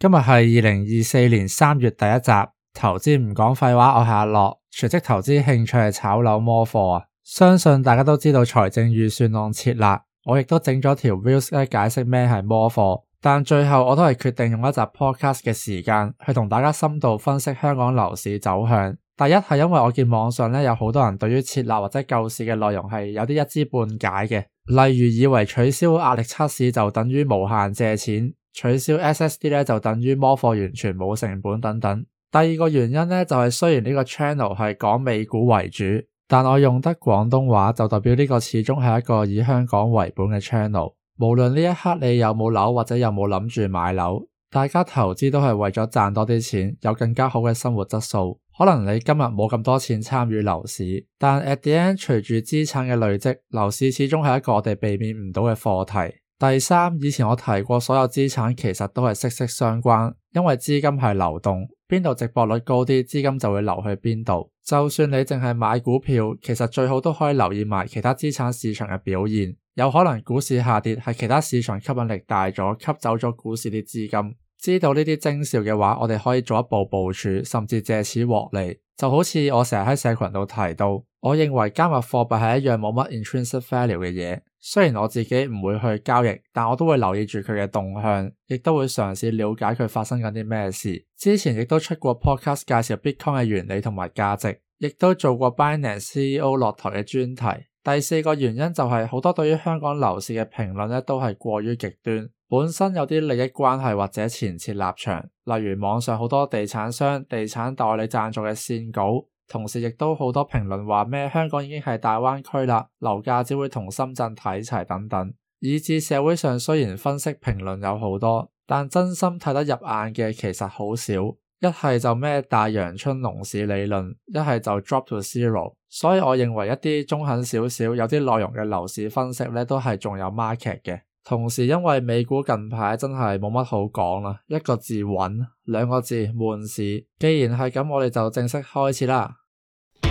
今日係二零二四年三月第一集，投資唔講廢話，我係阿樂，全職投資興趣係炒樓摸貨啊！相信大家都知道財政預算案撤辣，我亦都整咗條 video 解釋咩係摸貨，但最後我都係決定用一集 podcast 嘅時間去同大家深度分析香港樓市走向。第一係因為我見網上咧有好多人對於撤辣或者救市嘅內容係有啲一知半解嘅，例如以為取消壓力測試就等於無限借錢。取消 SSD 呢就等於摸貨完全冇成本等等。第二個原因呢就係、是、雖然呢個 channel 係講美股為主，但我用得廣東話就代表呢個始終係一個以香港為本嘅 channel。無論呢一刻你有冇樓或者有冇諗住買樓，大家投資都係為咗賺多啲錢，有更加好嘅生活質素。可能你今日冇咁多錢參與樓市，但 at the end 隨住資產嘅累積，樓市始終係一個我哋避免唔到嘅課題。第三，以前我提過，所有資產其實都係息息相關，因為資金係流動，邊度值博率高啲，資金就會流去邊度。就算你淨係買股票，其實最好都可以留意埋其他資產市場嘅表現。有可能股市下跌係其他市場吸引力大咗，吸走咗股市啲資金。知道呢啲徵兆嘅話，我哋可以做一步部、部署，甚至借此獲利。就好似我成日喺社群度提到，我認為加密貨幣係一樣冇乜 intrinsic value 嘅嘢。雖然我自己唔會去交易，但我都會留意住佢嘅動向，亦都會嘗試了解佢發生緊啲咩事。之前亦都出過 podcast 介紹 Bitcoin 嘅原理同埋價值，亦都做過 Binance CEO 落台嘅專題。第四個原因就係、是、好多對於香港樓市嘅評論咧，都係過於極端。本身有啲利益關係或者前設立場，例如網上好多地產商、地產代理贊助嘅線稿，同時亦都好多評論話咩香港已經係大灣區啦，樓價只會同深圳睇齊等等。以至社會上雖然分析評論有好多，但真心睇得入眼嘅其實好少。一係就咩大陽春牛市理論，一係就 drop to zero。所以我認為一啲中肯少少、有啲內容嘅樓市分析咧，都係仲有 market 嘅。同時，因為美股近排真係冇乜好講啦，一個字穩，兩個字悶市。既然係咁，我哋就正式開始啦。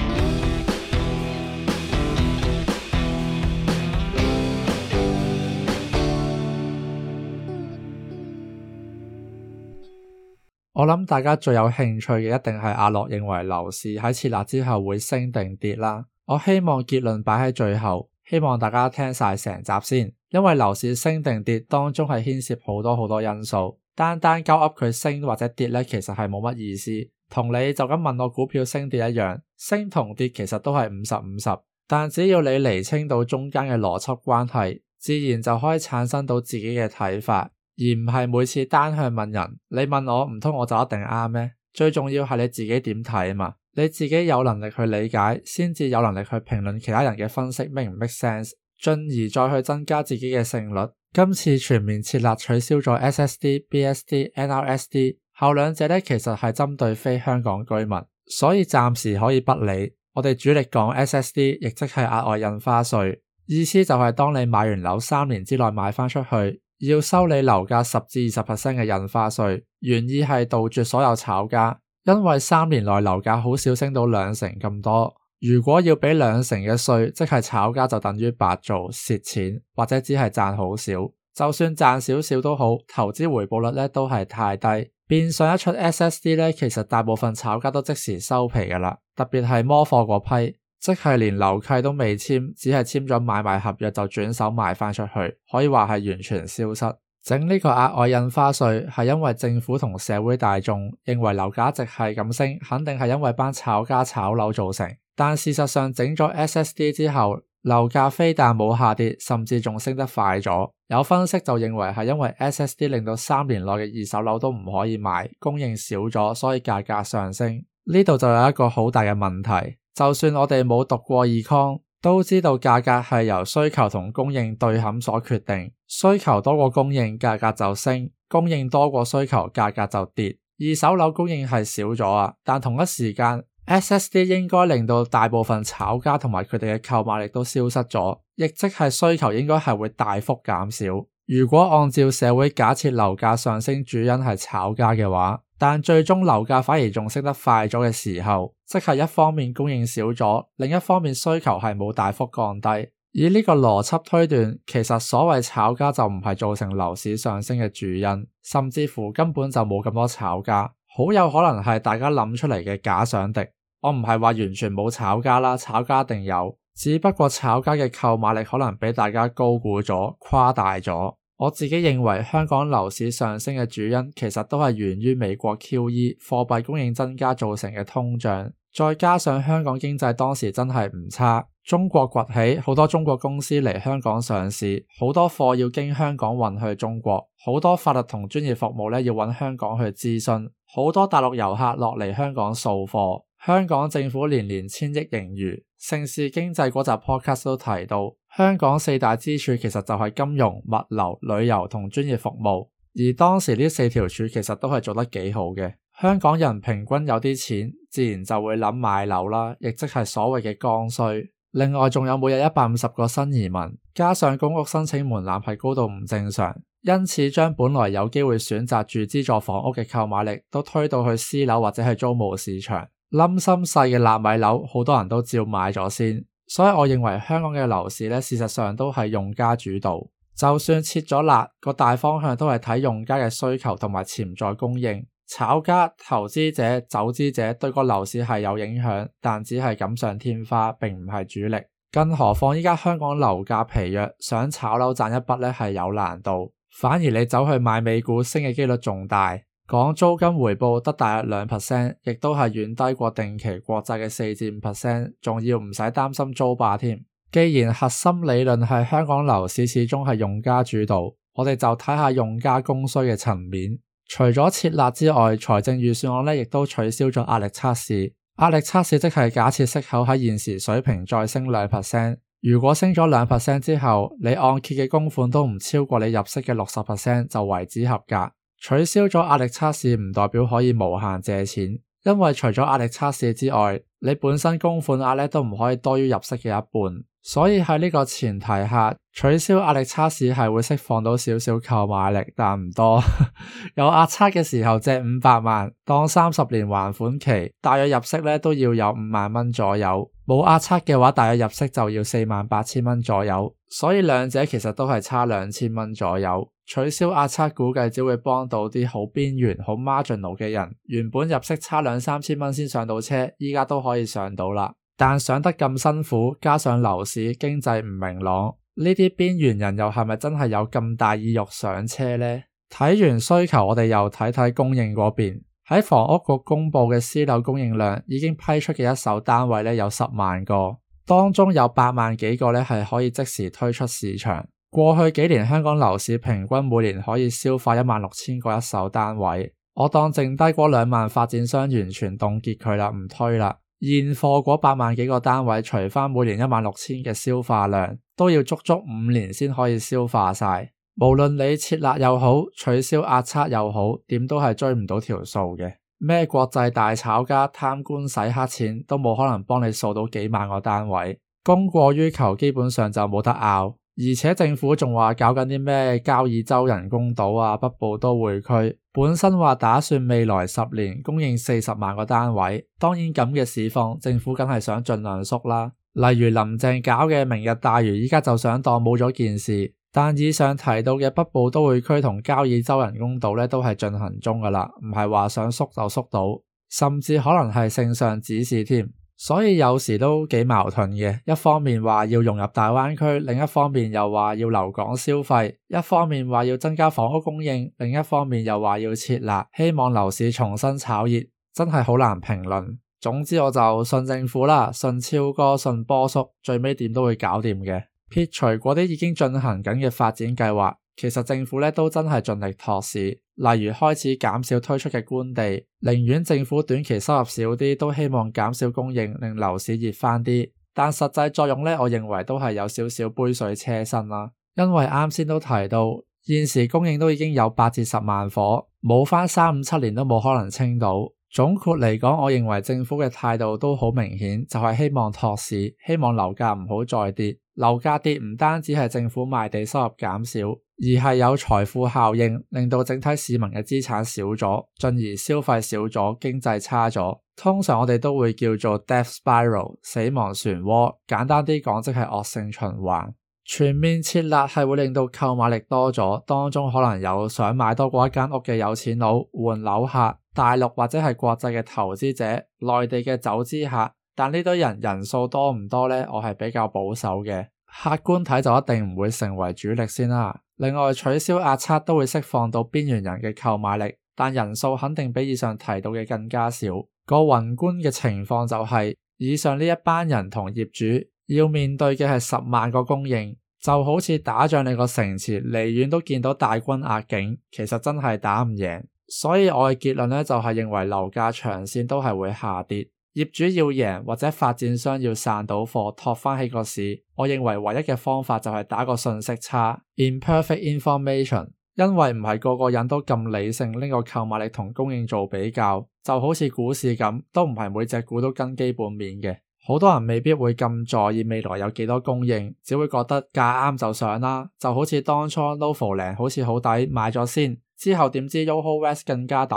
我諗大家最有興趣嘅一定係阿樂認為樓市喺撤辣之後會升定跌啦。我希望結論擺喺最後。希望大家聽晒成集先，因為樓市升定跌當中係牽涉好多好多因素，單單交噏佢升或者跌咧，其實係冇乜意思，同你就咁問我股票升跌一樣，升同跌其實都係五十五十。50，但只要你釐清到中間嘅邏輯關係，自然就可以產生到自己嘅睇法，而唔係每次單向問人。你問我唔通我就一定啱咩？最重要係你自己點睇啊嘛！你自己有能力去理解，先至有能力去評論其他人嘅分析，make 唔 make sense，進而再去增加自己嘅勝率。今次全面撤辣取消咗 SSD、BSD、NRSD，後兩者咧其實係針對非香港居民，所以暫時可以不理。我哋主力講 SSD，亦即係額外印花稅，意思就係當你買完樓三年之內賣翻出去，要收你樓價十至二十 percent 嘅印花稅，原意係杜絕所有炒家。因為三年內樓價好少升到兩成咁多，如果要畀兩成嘅稅，即係炒家就等於白做蝕錢，或者只係賺好少。就算賺少少都好，投資回報率咧都係太低。變相一出 SSD 咧，其實大部分炒家都即時收皮噶啦，特別係摸貨嗰批，即係連樓契都未簽，只係簽咗買賣合約就轉手賣翻出去，可以話係完全消失。整呢個額外印花稅係因為政府同社會大眾認為樓價值係咁升，肯定係因為班炒家炒樓造成。但事實上整咗 SSD 之後，樓價非但冇下跌，甚至仲升得快咗。有分析就認為係因為 SSD 令到三年內嘅二手樓都唔可以買，供應少咗，所以價格上升。呢度就有一個好大嘅問題，就算我哋冇讀過 Econ。都知道價格係由需求同供應對撼所決定，需求多過供應，價格就升，供應多過需求，價格就跌。二手樓供應係少咗啊，但同一時間，SSD 應該令到大部分炒家同埋佢哋嘅購買力都消失咗，亦即係需求應該係會大幅減少。如果按照社會假設樓價上升主因係炒家嘅話，但最終樓價反而仲升得快咗嘅時候，即係一方面供應少咗，另一方面需求係冇大幅降低。以呢個邏輯推斷，其實所謂炒家就唔係造成樓市上升嘅主因，甚至乎根本就冇咁多炒家，好有可能係大家諗出嚟嘅假想敵。我唔係話完全冇炒家啦，炒家一定有，只不過炒家嘅購買力可能俾大家高估咗、誇大咗。我自己認為香港樓市上升嘅主因，其實都係源於美國 QE 貨幣供應增加造成嘅通脹，再加上香港經濟當時真係唔差，中國崛起，好多中國公司嚟香港上市，好多貨要經香港運去中國，好多法律同專業服務咧要揾香港去諮詢，好多大陸遊客落嚟香港掃貨，香港政府年年千億盈餘，城市經濟嗰集 podcast 都提到。香港四大支柱其實就係金融、物流、旅遊同專業服務，而當時呢四條柱其實都係做得幾好嘅。香港人平均有啲錢，自然就會諗買樓啦，亦即係所謂嘅剛需。另外仲有每日一百五十個新移民，加上公屋申請門檻係高到唔正常，因此將本來有機會選擇住資助房屋嘅購買力都推到去私樓或者係租務市場。冧心細嘅納米樓，好多人都照買咗先。所以我認為香港嘅樓市咧，事實上都係用家主導。就算切咗辣，個大方向都係睇用家嘅需求同埋潛在供應。炒家、投資者、走資者對個樓市係有影響，但只係錦上添花，並唔係主力。更何況依家香港樓價疲弱，想炒樓賺一筆咧係有難度，反而你走去買美股升嘅幾率仲大。講租金回報，得大約兩 percent，亦都係遠低過定期國債嘅四至五 percent，仲要唔使擔心租霸添。既然核心理論係香港樓市始終係用家主導，我哋就睇下用家供需嘅層面。除咗撤辣之外，財政預算案咧亦都取消咗壓力測試。壓力測試即係假設息口喺現時水平再升兩 percent，如果升咗兩 percent 之後，你按揭嘅供款都唔超過你入息嘅六十 percent，就為之合格。取消咗壓力測試唔代表可以無限借錢，因為除咗壓力測試之外，你本身供款額都唔可以多於入息嘅一半。所以喺呢個前提下，取消壓力測試係會釋放到少少購買力，但唔多。 有壓測嘅時候借五百萬，當三十年還款期，大約入息咧都要有五萬蚊左右。冇壓測嘅話，大約入息就要四萬八千蚊左右。所以兩者其實都係差兩千蚊左右。取消壓測估計只會幫到啲好邊緣、好 marginal 嘅人。原本入息差兩三千蚊先上到車，依家都可以上到啦。但上得咁辛苦，加上樓市經濟唔明朗，呢啲邊緣人又係咪真係有咁大意欲上車呢？睇完需求，我哋又睇睇供應嗰邊。喺房屋局公佈嘅私樓供應量，已經批出嘅一手單位咧有十萬個，當中有八萬幾個咧係可以即時推出市場。過去幾年，香港樓市平均每年可以消化一萬六千個一手單位。我當剩低嗰兩萬發展商完全凍結佢啦，唔推啦。現貨嗰八萬幾個單位，除翻每年一萬六千嘅消化量，都要足足五年先可以消化晒。無論你設立又好，取消壓測又好，點都係追唔到條數嘅。咩國際大炒家貪官洗黑錢都冇可能幫你掃到幾萬個單位，供過於求，基本上就冇得拗。而且政府仲話搞緊啲咩？交椅洲人工島啊，北部都會區本身話打算未來十年供應四十萬個單位，當然咁嘅市況，政府梗係想盡量縮啦。例如林鄭搞嘅明日大嶼，依家就想當冇咗件事。但以上提到嘅北部都會區同交椅洲人工島咧，都係進行中噶啦，唔係話想縮就縮到，甚至可能係聖上指示添。所以有時都幾矛盾嘅，一方面話要融入大灣區，另一方面又話要留港消費；一方面話要增加房屋供應，另一方面又話要撤辣，希望樓市重新炒熱，真係好難評論。總之我就信政府啦，信超哥，信波叔，最尾點都會搞掂嘅。撇除嗰啲已經進行緊嘅發展計劃。其實政府咧都真係盡力托市，例如開始減少推出嘅官地，寧願政府短期收入少啲，都希望減少供應，令樓市熱返啲。但實際作用咧，我認為都係有少少杯水車薪啦、啊。因為啱先都提到，現時供應都已經有八至十萬伙，冇返三五七年都冇可能清到。總括嚟講，我認為政府嘅態度都好明顯，就係、是、希望托市，希望樓價唔好再跌。樓價跌唔單止係政府賣地收入減少。而係有財富效應，令到整體市民嘅資產少咗，進而消費少咗，經濟差咗。通常我哋都會叫做 death spiral 死亡漩渦，簡單啲講即係惡性循環。全面撤辣係會令到購買力多咗，當中可能有想買多過一間屋嘅有錢佬換樓客，大陸或者係國際嘅投資者，內地嘅走資客。但呢堆人人數多唔多呢？我係比較保守嘅，客觀睇就一定唔會成為主力先啦。另外取消壓測都會釋放到邊緣人嘅購買力，但人數肯定比以上提到嘅更加少。個宏觀嘅情況就係，以上呢一班人同業主要面對嘅係十萬個供應，就好似打仗你個城池離遠都見到大軍壓境，其實真係打唔贏。所以我嘅結論咧就係認為樓價長線都係會下跌。業主要贏，或者發展商要散到貨托翻起個市，我認為唯一嘅方法就係打個信息差 （imperfect information），因為唔係個個人都咁理性拎個購買力同供應做比較，就好似股市咁，都唔係每隻股都跟基本面嘅，好多人未必會咁在意未來有幾多供應，只會覺得價啱就上啦。就好似當初 NOVO LAND 好似好抵，買咗先，之後點知 Yoho West 更加抵，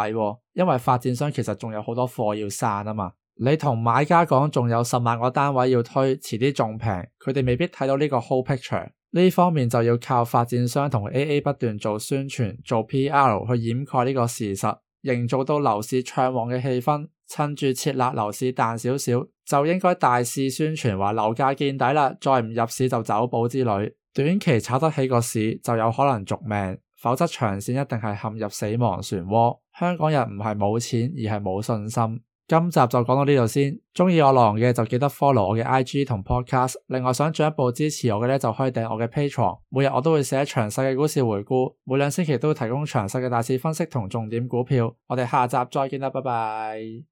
因為發展商其實仲有好多貨要散啊嘛。你同買家講仲有十萬個單位要推，遲啲仲平，佢哋未必睇到呢個 whole picture。呢方面就要靠發展商同 AA 不斷做宣傳、做 PR 去掩蓋呢個事實，營造到樓市暢旺嘅氣氛。趁住設立樓市淡少少，就應該大肆宣傳話樓價見底啦，再唔入市就走寶之旅。短期炒得起個市就有可能續命，否則長線一定係陷入死亡漩渦。香港人唔係冇錢，而係冇信心。.今集就講到呢度先，中意我郎嘅就記得 follow 我嘅 IG 同 podcast，另外想進一步支持我嘅咧，就可以訂我嘅 Patreon。每日我都會寫詳細嘅股市回顧，每兩星期都會提供詳細嘅大市分析同重點股票。我哋下集再見啦，拜拜。